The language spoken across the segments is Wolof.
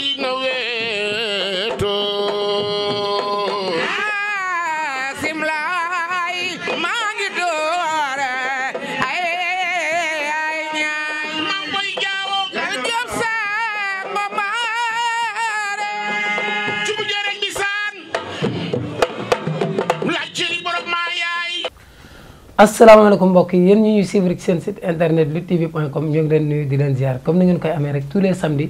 Ah, asalaamaaleykum mbokk yi yéen ñu ñuy suivre ci seen site internet luttetv point com ñu ngi leen nuyu di leen ziar comme ni ngeen koy amee rek tous les samedis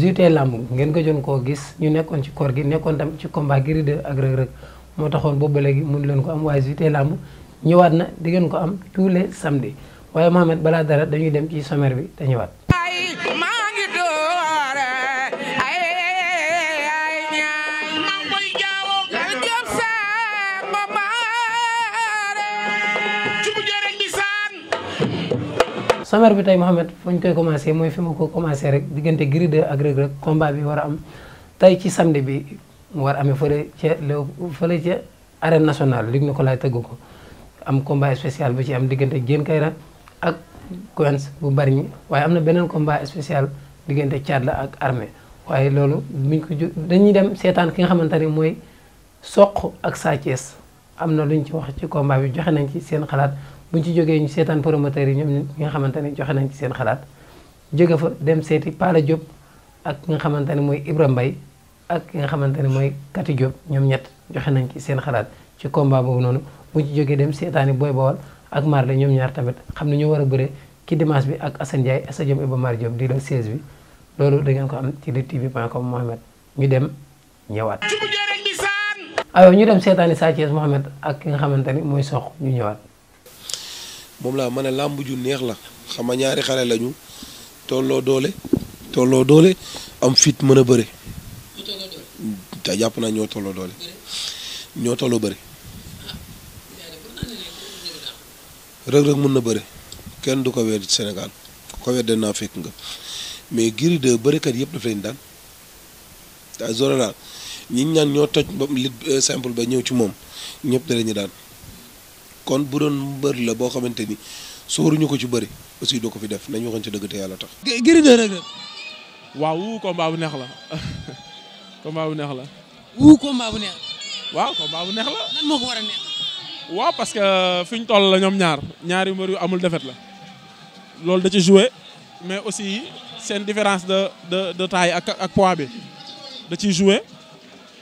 jutee làmb ngeen ko jon koo gis ñu nekkoon ci kor gi nekkoon tam ci combat Gris 2 ak Reug Reug moo taxoon boobu ba léegi mënu leen ko am waaye jutee làmb ñëwaat na di ngeen ko am tous les samedi waaye Mohamed balaa dara dañuy dem ci sommaire bi te ñëwaat. sommaire bi tey Mouhamed fañ koy commencé mooy fi ma ko commencé rek diggante Gris 2 ak Reug Reug combat bi war a am tey ci samedi bi mu war amee fële ca léew fële ca arène nationale lig na ko laay tëgg ko am combat spécial bu ci am diggante génn Diène Kaïré ak Quench bu bari ñi waaye am na beneen combat spécial diggante Thiat la ak armée waaye loolu buñ dañuy dem seetaan ki nga xamante ni mooy soq ak Sa Thiès am na luñ ci wax ci combat bi joxe nañ ci seen xalaat buñ ci jógee ñu seetaan promoteurs yi ñoom ñi nga xamante ne joxe nañ ci seen xalaat jóge fa dem seeti Pala Diop ak ki nga xamante ne mooy Ibra mbay ak ki nga xamante ne mooy Kati Diop ñoom ñett joxe nañ ci seen xalaat ci combat boobu noonu buñ ci jógee dem seetaani Boy Bawal ak Marley ñoom ñaar tamit xam ne ñoo war a bëre ci dimanche bi ak Assane Ndiaye stadium Iba Mar Diop di la 16 bi loolu da ngeen ko am ci luttetv.com Mohamed ñu dem ñëwaat. ayoo ñu dem seetaan Sa Thiès Mohamed ak ki nga xamante ni mooy Sokh ñu ñëwaat. moom laa ma ne làmb ju neex la xam nga ñaari xale lañu tolloo doole tolloo doole am fit mën a bëre. te jàpp naa ñoo tolloo doole ñoo tolloo bëre. Reug Reug mën na bëre kenn du ko weer Sénégal ko weer de naa fekk nga mais Gris 2 bërekat yëpp daf leen daan te ñi ñaan ñoo toj ba euh, simple ba ñëw ci moom ñëpp da leen ñu daan. kon bu doon mbër la boo xamante ni sóoruñu ko ci bëri aussi doo ko fi def nañu waxante dëgg te yàlla tax. Gris 2 Reug waaw wuu combat bu neex la combat bu neex la. wuu combat bu neex. waaw combat bu neex la. lan moo ko war a neex. waaw parce que fi ñu toll la ñoom ñaar ñaari mbër yu amul defet la loolu da ci joué mais aussi seen différence de de de taille ak ak poids bi da ciy joué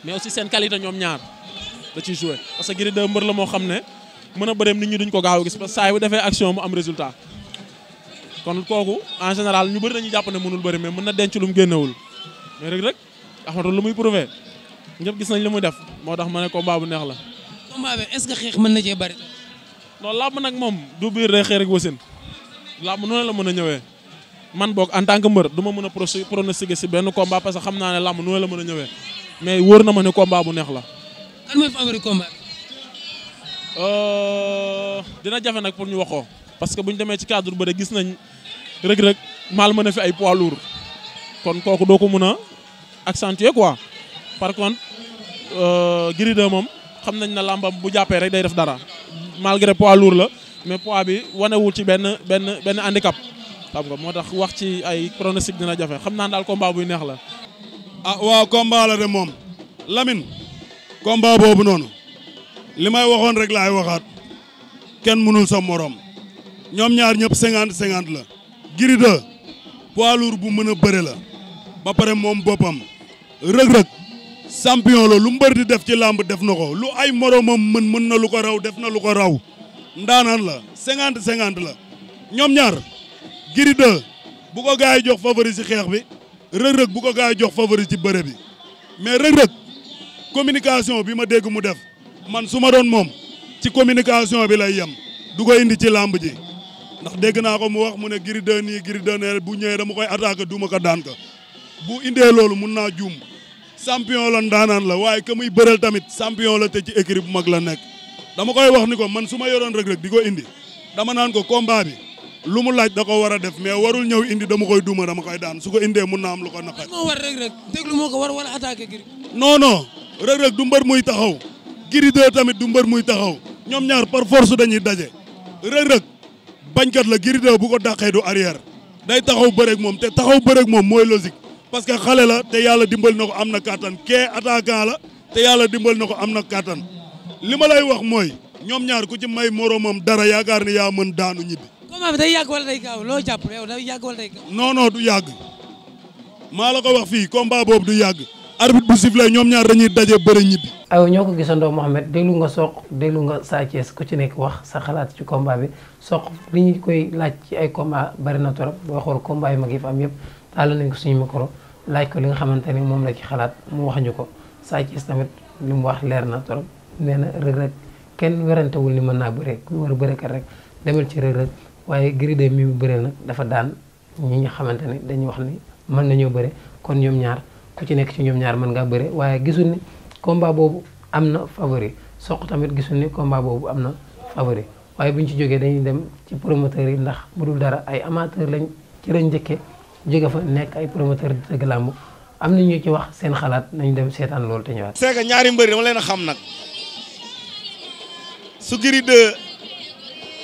mais aussi seen qualité ñoom ñaar da ciy joué parce que Gris 2 mbër la moo xam ne. mën na bëreem nit ñi duñ ko gaaw a gis parce que saa bu defee action mu am résultat kon kooku en général ñu bëri dañuy jàpp ne mënul bëri mais mën na denc lu mu génnewul mais rek rek axmatu lu muy prouvé ñëpp gis nañ li muy def moo tax ma ne combat bu neex la. combat bi est-ce que xeex mën na cee bëri. non làmb nag moom du biir day xëy rek wasin làmb noonu la mën a ñëwee man boog en tant que mbër du ma mën a pronostiquer si benn combat parce que xam naa ne làmb noonu la mën a ñëwee mais wóor na ma ne combat bu neex la. Euh, dina jafe nag pour ñu waxoo parce que buñ demee ci cadre de gis nañ rëg-rëg maal ma a fi ay poids lourd kon kooku doo ko mën a accentuer quoi par contre euh, Gris 2 moom xam nañ na lambam bu jàppee rek day def dara malgré poids lourd la mais poids bi wanewul ci benn benn benn handicap xam nga moo tax wax ci ay pronostic dina jafe xam naa daal combat buy neex la ah waaw combat la de moom lamin combat boobu noonu li may waxoon rek laay waxaat kenn mënul sa morom ñoom ñaar ñëpp cinquante cinquante la. Gris 2 bu mën a bëre la ba pare moom boppam rëg-rëg champion la lu mbër di def ci làmb def na ko lu ay moromam mën mën na lu ko raw def na lu ko raw ndaanaan la cinquante cinquante la ñoom ñaar Gris bu ko gars jox favori ci xeex bi rëg-rëg bu ko gars jox favori ci bëre bi mais rëg-rëg communication bi ma dégg mu def. man su ma doon moom ci communication bi lay yem du ko indi ci làmb ji ndax dégg naa ko mu wax mu ne Gris 2 nii Gris 2 bu ñëwee dama koy attaqué duma ka daan ko bu indee loolu mun naa juum champion la ndaanaan la waaye ka muy tamit sampion la te ci écurie bu mag la nekk dama koy wax ni ko man su ma yoroon Reug Reug di ko indi dama naan ko combat bi lu mu laaj da ko war a def mais warul ñëw indi dama koy duuma dama koy daan su ko indee mun naa am lu ko naqari. moo war Reug Reug déglu moo ko war wala attaqué Gris. non non Reug Reug du mbër taxaw. Gris 2 tamit du mbër muy taxaw ñoom ñaar par force dañuy daje rëg-rëg bañkat la Gris bu ko dàqee du arrière day taxaw bëreeg moom te taxaw bëreeg moom mooy logique parce que xale la te yàlla dimbal na ko am na kattan kee attaquant la te yàlla dimbal na ko am na kattan li ma lay wax mooy ñoom ñaar ku ci may moromam dara yaakaar ni yaa mën daanu ñibbi. combat bi day yàgg wala day gaaw loo jàpp du yàgg maa la ko wax fii combat boobu du yàgg. arbitre bu sifflé ñoom ñaar dañuy daje bëri ñibbi. aywa ñoo ko gisandoo Mouhamed déglu nga Sokh déglu nga Sa Thiès ko ci nekk wax sa xalaat ci combat bi Sokh li ñu koy laaj ci ay combat bari na torop booy xool combat yi mag yi fa am yëpp tàll nañ ko suñu ma micro laaj ko li nga xamante ne moom la ci xalaat mu wax ñu ko Sa Thiès tamit li mu wax leer na trop nee na Reug Reug kenn werantewul ni mën naa bëree ku war a bëreekat rek demal ci Reug Reug waaye gr 2 mi mu bëree nag dafa daan ñi nga xamante ne dañuy wax ni mën nañoo bëre kon ñoom ñaar ku ci nekk ci ñoom ñaar mën ngaa bëre waaye gisul ni combat boobu am na favori soq tamit gisul ni combat boobu am na favori waaye bu ñu ci jógee dañuy dem ci promoteurs yi ndax bu dul dara ay amateur lañ ci lañ njëkkee jóge fa nekk ay promoteur di tëgg làmb am na ñu ci wax seen xalaat nañu dem seetaan loolu te ñëwaat. c'est que ñaari mbëri dama leen a xam nag su Gris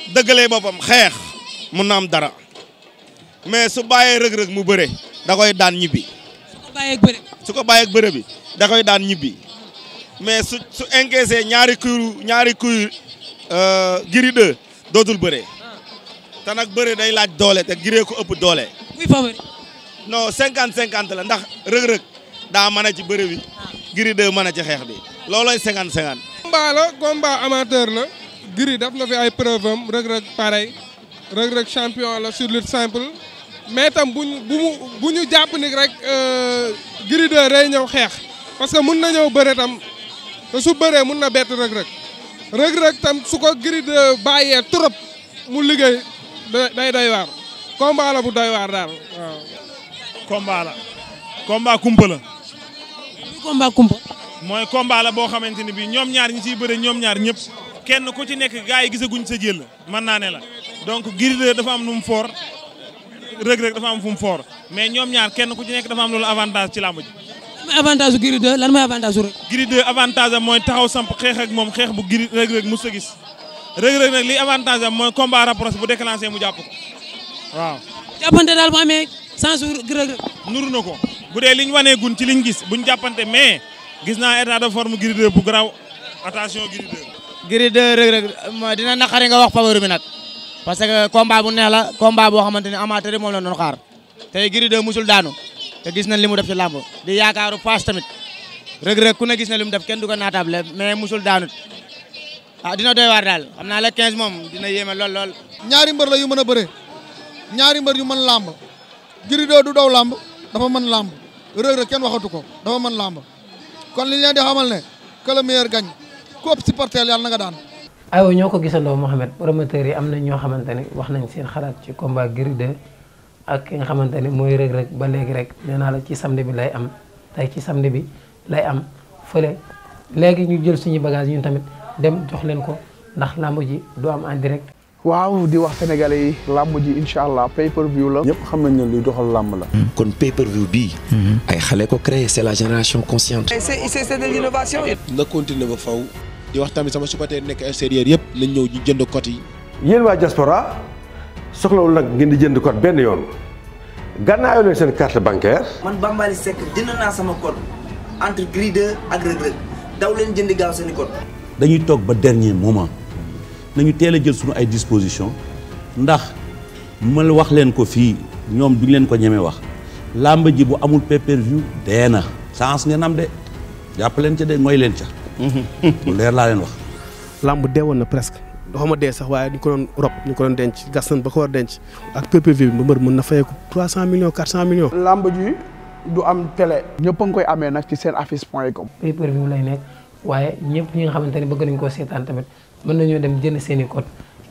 dëggalee boppam xeex mun na am dara mais su bàyyee rëg-rëg mu bëre da koy daan ñibbi. su ko bàyyeeg bëre bi da koy daan ñibbi mais su su encaissé ñaari kuy ñaari kuy euh, giri deux dootul bëre te nag bëre day laaj doole te giree ko ëpp doole. muy favori. non cinquante cinquante la ndax rëg-rëg daa mën a ci bëre bi giri deux mën a ci xeex bi loolooy cinquante cinquante. combat la combat amateur la giri daf na fi ay preuve rëg-rëg pareil rëg-rëg champion la sur simple. mais itam bu ñu bu mu bu jàpp ni rek euh, Gris 2 rey ñëw xeex parce que mun na ñëw bëre tam te su bëree mun na bett Reug Reug Reug tam su ko Gris 2 bàyyee mu liggéey day doy waar combat bu doy waar daal waaw. combat la. combat kumpa la. combat mooy combat boo xamante ni bii ñoom ñaar ñi ciy bëre ñoom ñaar ñëpp kenn ku ci nekk gars yi gisaguñ sa jël mën naa ne la donc nu mu fort Reug Reug dafa am fu mu mais ñoom ñaar kenn ku ci nekk dafa am loolu avantage ci làmb ji. avantage su mooy avantage su Reug. Gris 2 am mooy taxaw samp xeex ak moom xeex bu Gris Reug Reug mos a gis li avantage am mooy combat rapproché bu déclenché mu jàpp ko waaw. jàppante daal bu amee sans su Reug Reug. nuru na ko bu dee liñ wanee gun ci liñ gis buñ jàppante mais gis naa état de forme Gris 2 bu garaaw attention Gris 2. Gris 2 Reug Reug dina naqari nga wax favori bi nag. parce que combat bu neex la combat boo xamante ni amateur yi moom la doon xaar tey Gris 2 musul daanu te gis nañ li mu def ci làmb di yaakaaru paas tamit rëg-rëg ku na gis na li mu def kenn du ko naatable mais musul daanut ah dina doy waar daal xam naa la 15 moom dina yéeme lool lool. ñaari mbër la yu mën a bëre ñaari mbër yu mën làmb Gris du daw lamb dafa mën lamb rëg-rëg kenn waxatu ko dafa mën làmb kon li leen di xamal ne que le meilleur gagne ku ëpp supporter nga daan. aywa ñoo ko gisandoo Mouhamed promoteurs yi am na ñoo xamante ne wax nañ seen xalaat ci combat Gris 2 ak ki nga xamante ne mooy Reug Reug ba léegi rek nee naa la ci samedi bi lay am tey ci samedi bi lay am fële léegi ñu jël suñu bagage ñun tamit dem jox leen ko ndax làmb ji du am en direct. waaw di wax sénégalais yi làmb ji incha allah pay per view la. ñëpp xam nañ ne luy doxal làmb la. Hmm. kon pay view bii. Hmm. ay xale ko créé c'est la génération consciente. c'est c'est de di wax tamit sama supporter nekk extérieur yëpp lañ ñëw ñu jënd code yi. yéen waa diaspora soxlawul nag ngeen di jënd code benn yoon gànnaayoo leen seen carte bancaire. man Bambaly Seck jënd naa sama code entre Gris 2 ak Reug Reug daw leen jëndi gaaw seen i dañuy toog ba dernier moment nañu teel a jël suñu ay disposition ndax ma wax leen ko fii ñoom duñ leen ko ñeme wax làmb ji bu amul pay per dee na chance ngeen am de jàpp leen ca de mooy leen ca. lu leer laa leen wax. làmb deewoon na presque. doxama dee sax waaye ñu ko doon rob ñu ko doon denc gas nañ ba ko war denc. ak PPV bi mbër mën na fayeeku 300 millions 400 millions. làmb ji du am télé. ñëpp a ngi koy amee nag ci seen affiche point com. PPV lay nekk waaye ñëpp ñi nga xamante ne bëgg nañ koo seetaan tamit mën nañoo dem jënd seeni i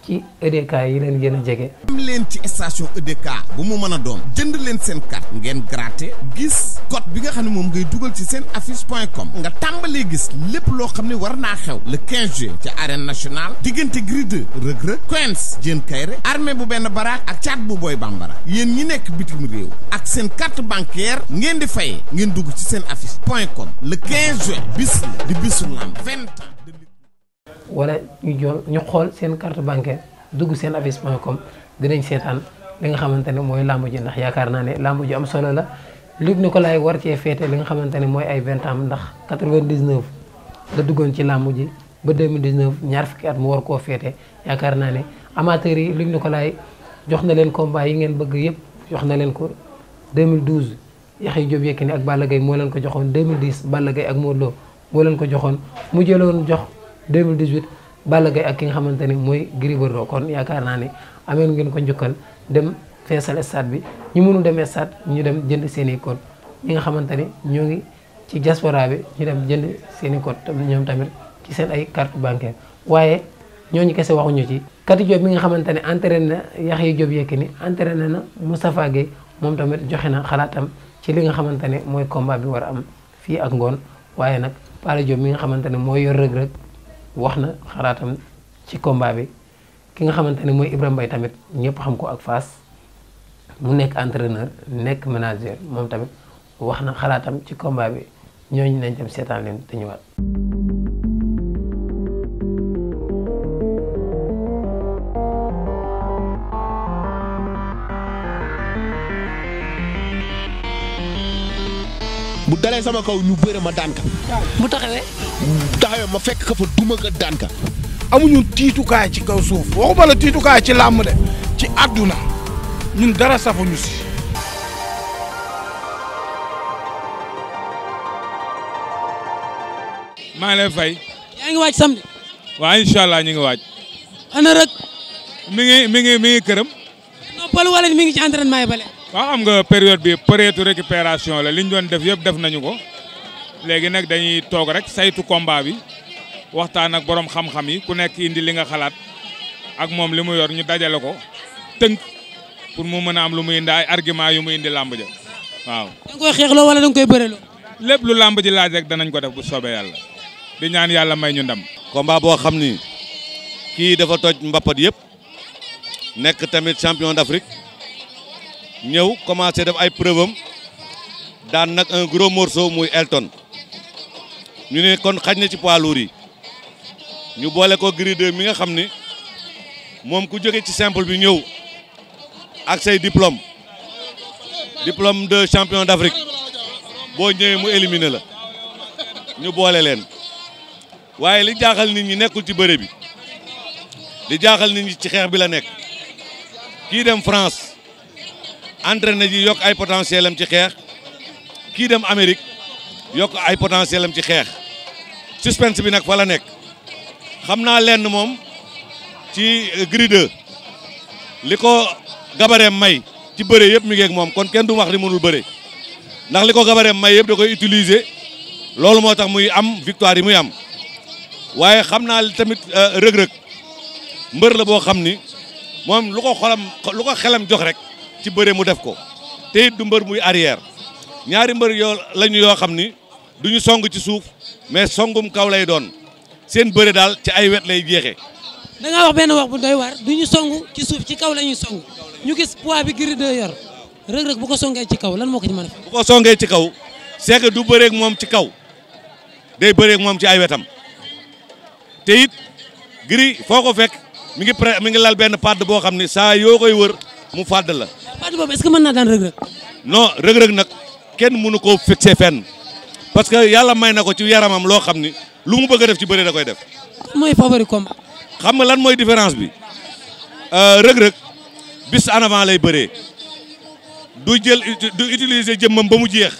ci EDK yi leen gën a jege. am leen ci station EDK bu mu mën a doon jënd leen seen carte ngeen gratter gis code bi nga xam ne moom ngay dugal ci seen affiche point com nga tàmbalee gis lépp loo xam ne war naa xew le 15 juillet ci arène nationale diggante Gris 2 Reug Reug Quench Diène bu benn baraak ak caat bu booy bambara yéen ñi nekk bitim réew ak seen carte bancaire ngeen di fayee ngeen dugg ci seen affiche point com le 15 juin bis la di bisu lamb wala ñu ñu xool seen carte bancaire dugg seen avis point com dinañ seetaan li nga xamante ne mooy làmb ji ndax yaakaar naa ne làmb am solo la ko Nicolaï war cee féete li nga xamante ne mooy ay vingt ans ndax quatre-vingt-dix-neuf la duggoon ci làmb ji ba ñaar fukki at mu war koo féete yaakaar naa ne amateurs yi ko Nicolaï jox na leen combat yi ngeen bëgg yëpp jox na leen ko 2012 Yaxya Diop Yékini ak Balla Gaye moo leen ko joxoon 2010 Balla Gaye ak Modou Lo moo leen ko joxoon mu jëloon jox 2018 Balla Gaye ak ki nga xamante ni mooy Gris Bordeaux kon yaakaar naa ni ameen ngeen ko njukkal dem feesal stade bi ñu mënul demee stade ñu dem jënd seen i code ñi nga xamante ni ñoo ngi ci diaspora bi ñu dem jënd seen i code ñoom tamit ci seen ay carte bancaire waaye ñoo ñu kese waxuñu ci Kati Diop mi nga xamante ne entraîné na Yaxya Diop ni entraîné na Moustapha Gueye moom tamit joxe na xalaatam ci li nga xamante ne mooy combat bi war a am fii ak ngoon waaye nag Pala Diop mi nga xamante ne mooy yor rëg-rëg wax na xalaatam ci combat bi ki nga xamante ne mooy Ibrahima Mbaye tamit ñëpp xam ko ak Fass mu nekk entraîneur nekk manager moom tamit wax na xalaatam ci combat bi ñooñ lañ dem seetaan leen te ñëwaat. mu dalee sama kaw ñu bëre ma daan ka bu taxawee. bu taxawee ma fekk ka fa duma ka daan ka. amuñu tiitukaay ci kaw suuf waxuma la tiitukaay ci làmm de ci àdduna ñun dara safuñu si. maa ngi lay fay. yaa ngi waaj sam waaw incha allah ñu ngi waaj. ana rek. mi ngi mi ngi mi ngi këram. noppal wala mi ngi ci entraînement yi bale. waaw am nga période bi période récupération la li ñu doon def yëpp def nañu ko léegi nag dañuy toog rek saytu combat bi waxtaan ak boroom xam-xam yi ku nekk indi li nga xalaat ak moom li mu yor ñu dajale ko tënk pour mu mën a am lu muy indi ay argument yu muy indi làmb ja waaw. da nga koy xeexloo wala da koy bëreloo. lépp lu làmb ji laaj rek danañ ko def bu soobee yàlla di ñaan yàlla may ñu ndam. combat boo xam ni kii dafa toj mbapat yëpp nekk tamit champion d'Afrique. ñëw commencé def ay preuve am daan nag un gros morceau muy Elton ñu ne kon xaj na ci poids lourd yi ñu boole ko Gris 2 mi nga xam ni moom ku jóge ci simple bi ñëw ak say diplôme diplôme de champion d'Afrique boo ñëwee mu éliminé la ñu boole leen waaye li jaaxal nit ñi nekkul ci bëre bi li jaaxal nit ñi ci xeex bi la nekk kii dem France entraîné ji yokk ay potentiel am ci xeex kii dem Amérique yokk ay potentiel am ci xeex suspense bi nag fa la nekk xam naa lenn moom ci euh, Gris li ko gabareem may ci bëre yëpp mi ngi moom kon kenn du wax ni mënul bëre ndax li ko gabareem may yëpp da koy utiliser loolu moo tax muy am victoire yi muy am waaye xam naa tamit euh, rëg-rëg mbër la boo xam ni moom lu ko xolam ko xelam jox rek ci bëre mu def ko te du mbër muy arrière ñaari mbër yoo lañu yoo xam ni du ñu song ci suuf mais songum kaw lay doon seen bëre daal ci ay wet lay jeexe da wax benn wax bu doy waar du ñu song ci suuf ci kaw lañuy ñuy ñu gis poids bi Gris 2 yor Reug Reug bu ko songee ci kaw lan moo ko ci mën a bu ko songee ci kaw c'est que du bëreeg moom ci kaw day bëreeg moom ci ay wetam te it Gris foo ko fek mi ngi pré mi ngi lal benn padd boo xam ne saa yoo koy wër mu fàdd la. fàdd est-ce que mën naa daan rëg-rëg. non rëg-rëg nag kenn munu koo fixé fenn parce que yàlla may na ko ci yaramam loo xam ni lu mu bëgg a def ci bëre da koy def. mooy favori combat. xam nga lan mooy différence bi euh, rëg-rëg bis en avant lay bëree du jël du utiliser jëmmam ba mu jeex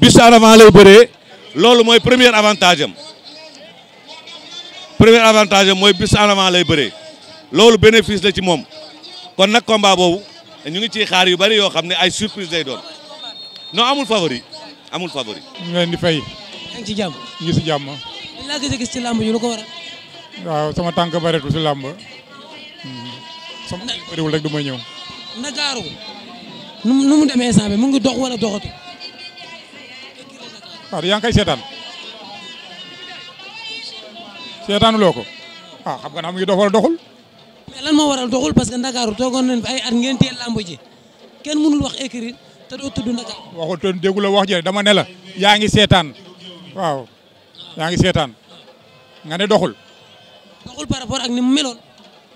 bis en avant lay bëree loolu mooy premier avantage am. premier avantage mooy bis en avant lay bëree loolu bénéfice la ci moom kon nag combat boobu ñu ngi ciy xaar yu bari yoo xam ne ay surprise lay doon non amul favori amul favori. ñu leen di fay. ñu ci jàmm ñu si jàmm. li laa gis gis ci làmb ñu lu ko waral. waaw sama tànk bareetul si làmb. Hmm. sama bëriwul rek du may ñëw. Ndakaaru nu mu nu mu demee instant bi mu ngi dox wala doxatu. waaw yaa ngi koy seetaan. seetaanuloo ko ah xam nga naa mu ngi dox wala doxul. moo waral doxul parce que Ndakaaru toogoon nañ fi ay at ngeen teel lamb ji kenn mënul wax écrit te doo tudd Ndakaaru. waxul te déggu wax ji dama ne la yaa ngi seetaan waaw yaa ngi seetaan nga ne doxul. doxul par rapport ak ni mu meloon.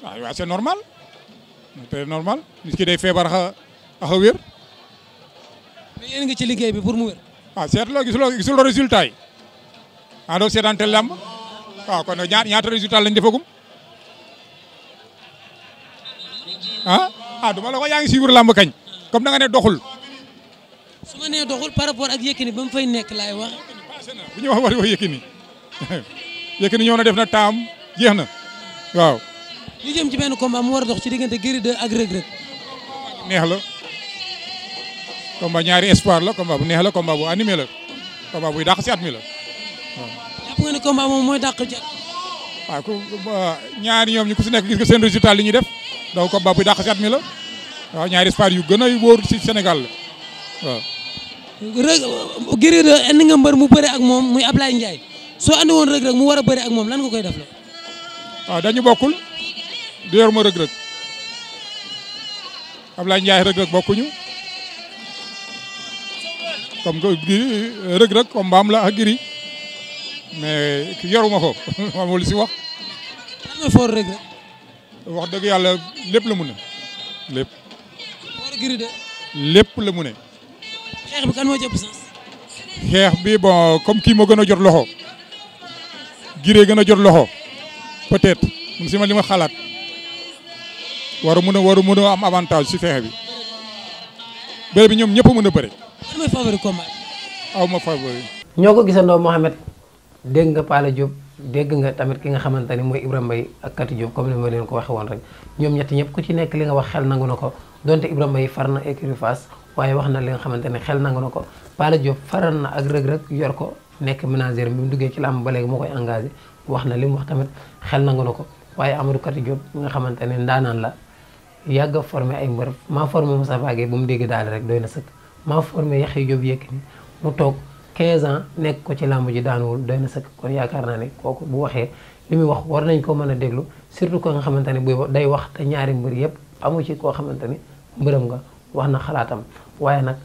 waaw ah, waaw c'est normal c'est ci dee feebar xa xa wér. mais yéen ngi ci liggéey bi pour mu wér. ah seetloo gisuloo gisuloo résultat yi ah doo seetaan te lamb waaw ah, kon ñaata ñaata résultat lañ defagum. ah ah ma la ko yaa ngi suivre làmb kañ comme na nga ne doxul. su ma nee doxul par rapport ak Yékini ba mu fay nekk laay wax. bu ñu wax war wax Yékini Yékini na def na taam jeex na waaw. ñu jëm ci benn combat mu war a dox ci diggante Gris 2 ak Reug Reug. neex la combat ñaari espoir la combat bu neex la combat bu animé la combat bu dàq si mi la waaw. jàpp nga ne mooy dàq ci at. waaw ku ñaari ñoom ñu ku si nekk gis nga seen résultat li ñuy def. daw ko ba bu dàq si la waaw ñaari spar yu gën a wóor si Sénégal la waaw. rëg Gris nga mbër mu bëre ak moom muy Ablaye Ndiaye soo andi woon rëg rëg mu war a bëre ak moom lan nga koy def la. waaw dañu bokkul di yor ma rëg rëg Ablaye Ndiaye rëg rëg bokkuñu comme que Gris rëg rëg comme mbaam la ak Gris mais yoruma si wax. lan foor rëg rëg. wax dëgg yàlla lépp la mu ne lépp. lépp la mu ne. xeex bi kan moo bi bon comme kii moo gën a jot loxo. giree gën a jot loxo. peut-être mun si ma li xalaat. war mun a waru mun a am avantage si xeex bi. bëre bi ñoom ñëpp mun a bëre. kan mooy favori combat. ñoo ko gisandoo Mohamed dégg nga Pala Diop. dégg nga tamit ki nga xamante ni mooy Ibrahima Mbaye ak Kati comme ni ma leen ko waxee woon rek ñoom ñett ñëpp ku ci nekk li nga wax xel nangu na ko donte Ibrahima Mbaye far na écurie Fass waaye wax na li nga ne xel nangu na ko Pala Diop faral na ak Reug Reug yor ko nekk ménagère bi mu duggee ci làmb ba léegi moo koy engagé wax na li mu wax tamit xel nangu na ko waaye Amadou Kati Diop nga xamante ne ndaanaan la yàgg forme formé ay mbër maa formé sa Fagué bu mu dégg daal rek doy na sëkk maa formé Yaxya Diop Yékini mu toog 15 ans nekk ko ci làmb ji daanuwul doy na sëkk kon yaakaar naa ne kooku bu waxee li muy wax war nañ koo mën a déglu surtout ko nga xamante ne buy day wax te ñaari mbër yëpp amu ci koo xamante ne mbërëm nga wax na xalaatam waaye nag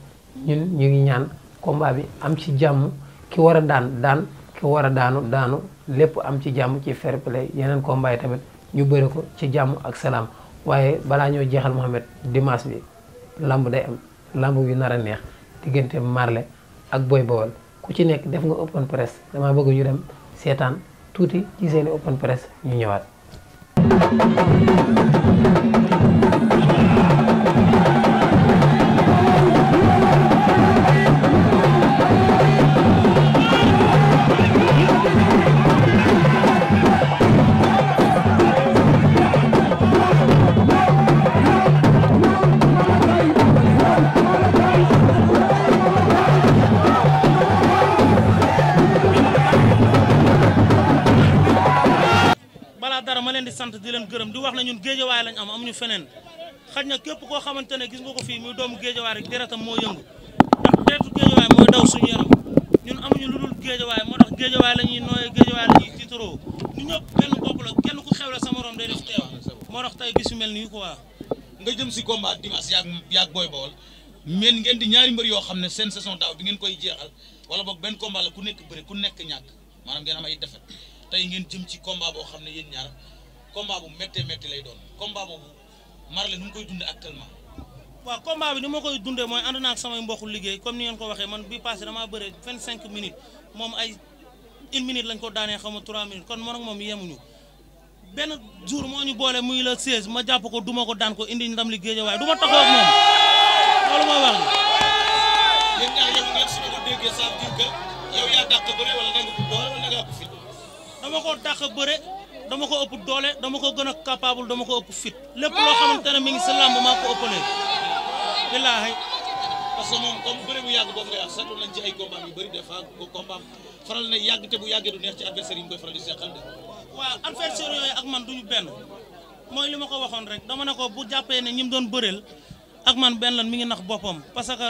ñun ñu ngi ñaan combat bi am ci jàmm ki war a daan daan ki war a daanu daanu lépp am ci jàmm ci fair play yeneen combat yi tamit ñu bëri ko ci jàmm ak sa salaam waaye balaa ñoo jeexal Mohamed dimas bi làmb day am làmb bi nar a neex diggante Marley ak Boy Baol ku ci nekk def nga open press damaa bëgg ñu dem seetaan tuuti ci seeni open press ñu ñëwaat. na ñun géejawaay lañ am ñu feneen xaj na képp koo xamante ne gis nga ko fii muy doomu géejawaay rek deretam moo yëngu ndax deretu géejawaay mooy daw suñu yaram ñun amuñu lu dul géejawaay moo tax géejawaay la ñuy nooyee géejawaay la ñuy tiitaroo ñëpp benn bopp la kenn ku xew la sa morom day def teewa moo tax tey bisu mel nii quoi. nga jëm si combat dimanche yaag yaag Boy Baol meen ngeen di ñaari mbër yoo xam ne seen saison daaw bi ngeen koy jeexal wala boog benn combat la ku nekk bëri ku nekk ñàkk maanaam ngeen am defet tey ngeen jëm ci combat boo xam ne yéen ñaar combat bu méttee métti lay doon combat boobu Marley nu ngi koy dundee actuellement. waaw combat bi ni koy dundee mooy ànd naa ak samay mbokku liggéey comme ni ngeen ko waxee man bi passé damaa bëre 25 minutes moom ay une minute lañ ko daanee xaw ma 3 minutes kon man ak moom yemuñu benn jour moo ñu boole muy la 16 ma jàpp ko duma ko daan ko indi ndam li géej waaye du ma taxaw ak moom ma ko dama ko dàq bëre. dama ko ëpp doole dama ko gën a capable dama ko ëpp fit lépp loo xamante ne mi ngi sa làmb maa ko ëppalee billaahi parce que moom comme bëri bu yàgg boobu ngay wax seetlu nañ ci ay combat yu bëri des fois ko combat faral na yàgg te bu yàggee du neex ci adversaire yi ñu koy faral di seqal de waaw adversaire ak man duñu benn mooy li ma ko waxoon rek dama ne ko bu jàppee ne ñi mu doon bëreel ak man benn lan mi ngi nax boppam parce que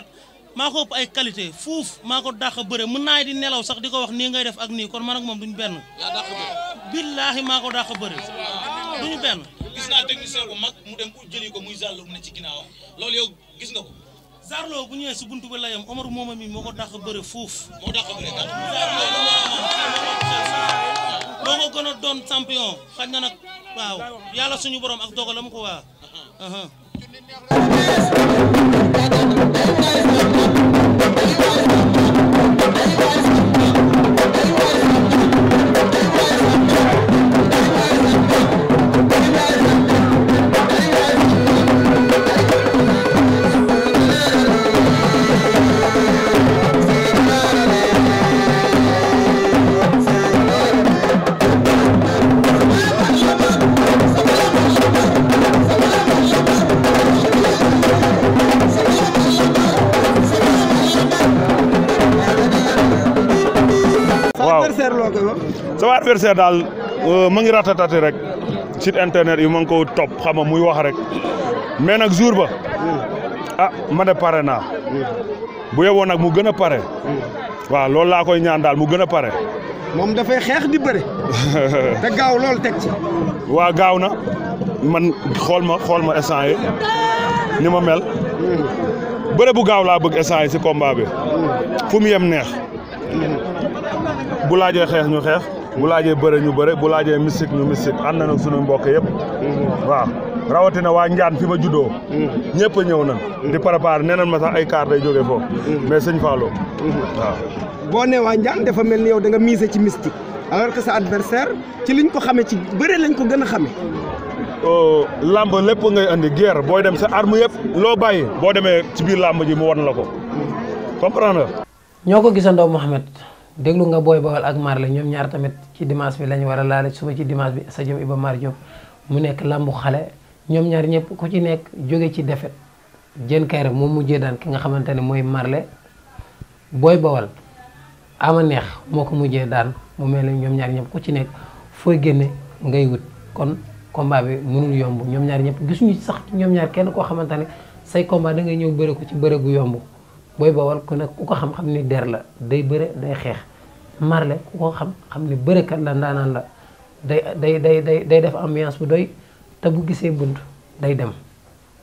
maa ko ëpp ay qualité fuuf maa ko dàq bëre mën naa di nelaw sax di ko wax nii ngay def ak nii kon man ak moom duñ benn billaahi maa ko daa ko bëri duñu benn gis naa technicien bu mag mu dem jëli ko muy Zarloo mu ne ci ginnaawam loolu yow gis nga ko Zarloo bu ñëwee si buntu ba layam Omar mooma mi moo ko dàq bëre fuuf moo dàq bëre moo ko gën a doon champion xaj na nag waaw yàlla suñu borom ak dogalam uh-huh. uh-huh. ko waa adversaire daal euh, ma ngi rek site internet yi ma ngi ko xam nga muy wax rek mais nag jour ba ah ma ne pare naa bu yeboo nag mu gën a pare waaw loolu laa koy ñaan daal mu gën a pare moom dafay xeex di bëre te gaaw loolu teg ci gaaw na man xool ma xool ma instant ni ma mel bëre bu gaaw laa bëgg instant yi si fu mu yem neex bu laajee xeex ñu xeex bu laajee bëre ñu bëre bu laajee mystique ñu mystique ànd nañu suñu mbokk yëpp. waaw rawatina waa Njaan fi ma juddoo. ñëpp ñëw nañ. di préparer nee nañ ma sax ay kaar day jógee foofu. mais sëñ Fallou. waaw. boo ne waa Njaan dafa mel ni yow da nga misé ci mystique alors que sa adversaire ci liñ ko xamee ci bëre lañ ko gën a xamee. Euh, lamb lépp ngay andi guerre booy dem sa arme yëpp loo bàyyi boo demee ci biir lamb ji mu wan la ko comprendre nga. ñoo ko gisandoo Mouhamed. déglu nga booy Baol ak Marley ñoom ñaar tamit ci dimanche bi lañ war a suba ci dimanche bi sa jëm Iba Mar Diop mu nekk làmbu xale ñoom ñaar ñëpp ku ci nekk jóge ci defet Diène Kaïré moom mujjee daan ki nga xamante ne mooy Marley Boy Baol ama neex moo ko mujjee daan mu mel ne ñoom ñaar ñëpp ku ci nekk fooy génne ngay wut kon komba bi mënul yomb ñoom ñaar ñëpp gisuñu sax ñoom ñaar kenn koo xamante ne say komba da ngay ñëw bëre ko ci bëre gu yomb Boy Baol ku ne ku ko xam-xam der la day bëre day xeex Marley ku ko xam xam ne bërëkat la ndaanaan la day day day day day def ambiance bu doy te bu gisee bunt day dem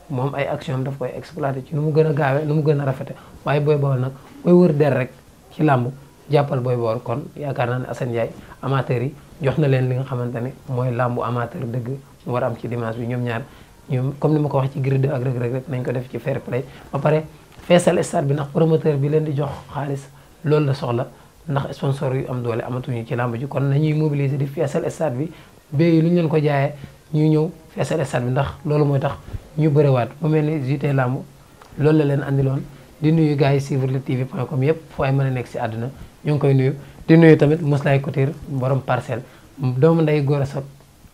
moom ay action am daf koy exploité ci nu mu gën a gaawee nu mu gën a rafete waaye Boy Baol nag mooy wër der rek ci làmb jàppal Boy Baol kon yaakaar naa ne Assane Ndiaye amateur yi jox na leen li nga xamante ne mooy làmbu amateur dëgg mu war am ci dimanche bi ñoom ñaar ñoom comme ni ma ko wax ci Gris 2 ak Reug rek nañ ko def ci fair play ba pare feesal stade bi ndax promoteur bi leen di jox xaalis loolu la soxla ndax sponsor yu am doole amatuñu ci làmb ji kon nañuy mobiliser di feesal stade bi béy lu ñu leen ko jaaye ñuy ñëw feesal stade bi ndax loolu mooy tax ñu bëriwaat mu mel ni JT làmb loolu la leen àndiloon di nuyu gars yi suivre Lutte TV point com yëpp ay mën a nekk si àdduna ñu ngi koy nuyu di nuyu tamit Moussaï Couture borom parcelle doomu nday Gora Sock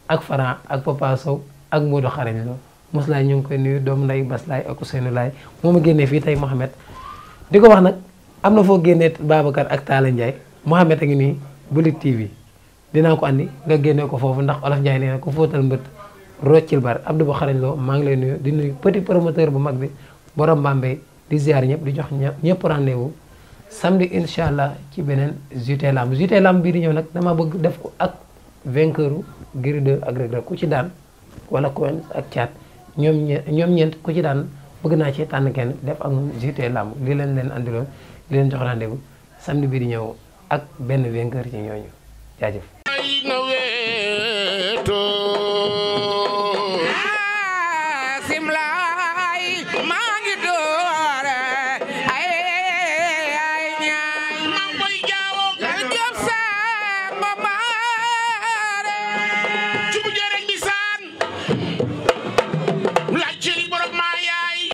ak Franc ak Papa ak ak Modou Xarañ Lo Moussaï ñu ngi koy nuyu doomu nday Baslaay ak Ousseynou Laay moom a génnee fii tey Mohamed di ko wax nag am na foo génnee Babacar ak Talla Ndiaye Mouhamed a ngi nii Bulit TV dinaa ko àndi nga génne ko foofu ndax Olof Ndiaye nee na ko fóotal mbët roccil bar Abdou Ba xarañ loo maa ngi lay nuyu di nuyu petit promoteur bu mag bi borom Mbambey di ziar ñëpp di jox ñëpp rendez-vous samedi incha allah ci beneen JT Lamb JT Lamb bii di ñëw nag dama bëgg def ko ak vainqueur Gris 2 ak Reug Reug ku ci daan wala Coins ak Thiat ñoom ñoom ñeent ku ci daan bëgg naa ci tànn kenn def ak moom Lamb li leen leen andiloon di leen jox rendez-vous samedi bi di ñëw ak benn vainqueur ci ñooñu jaajëf